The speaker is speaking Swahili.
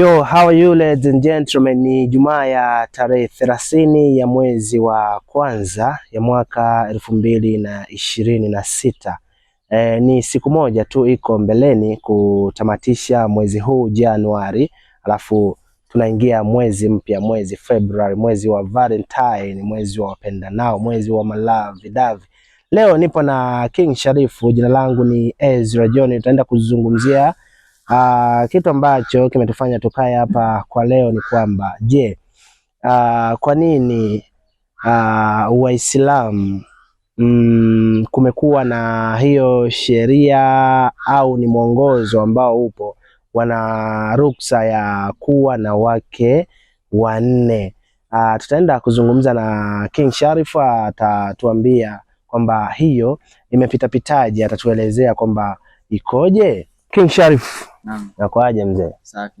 Yo, how are you ladies and gentlemen? Ni Jumaa ya tarehe thelathini ya mwezi wa kwanza ya mwaka elfu mbili na ishirini na sita. E, ni siku moja tu iko mbeleni kutamatisha mwezi huu Januari, alafu tunaingia mwezi mpya, mwezi Februari, mwezi wa Valentine, mwezi wa nao, mwezi wa malavidavi. Leo nipo na King Sharifu, jina langu ni Ezra John, tutaenda kuzungumzia Uh, kitu ambacho kimetufanya tukae hapa kwa leo ni kwamba je, uh, kwa nini uh, ah, Waislamu mm, kumekuwa na hiyo sheria au ni mwongozo ambao upo, wana ruksa ya kuwa na wake wanne? Uh, tutaenda kuzungumza na King Sharif, atatuambia kwamba hiyo imepitapitaje, atatuelezea kwamba ikoje. King Sharif Naam. Nakwaje mzee? Safi.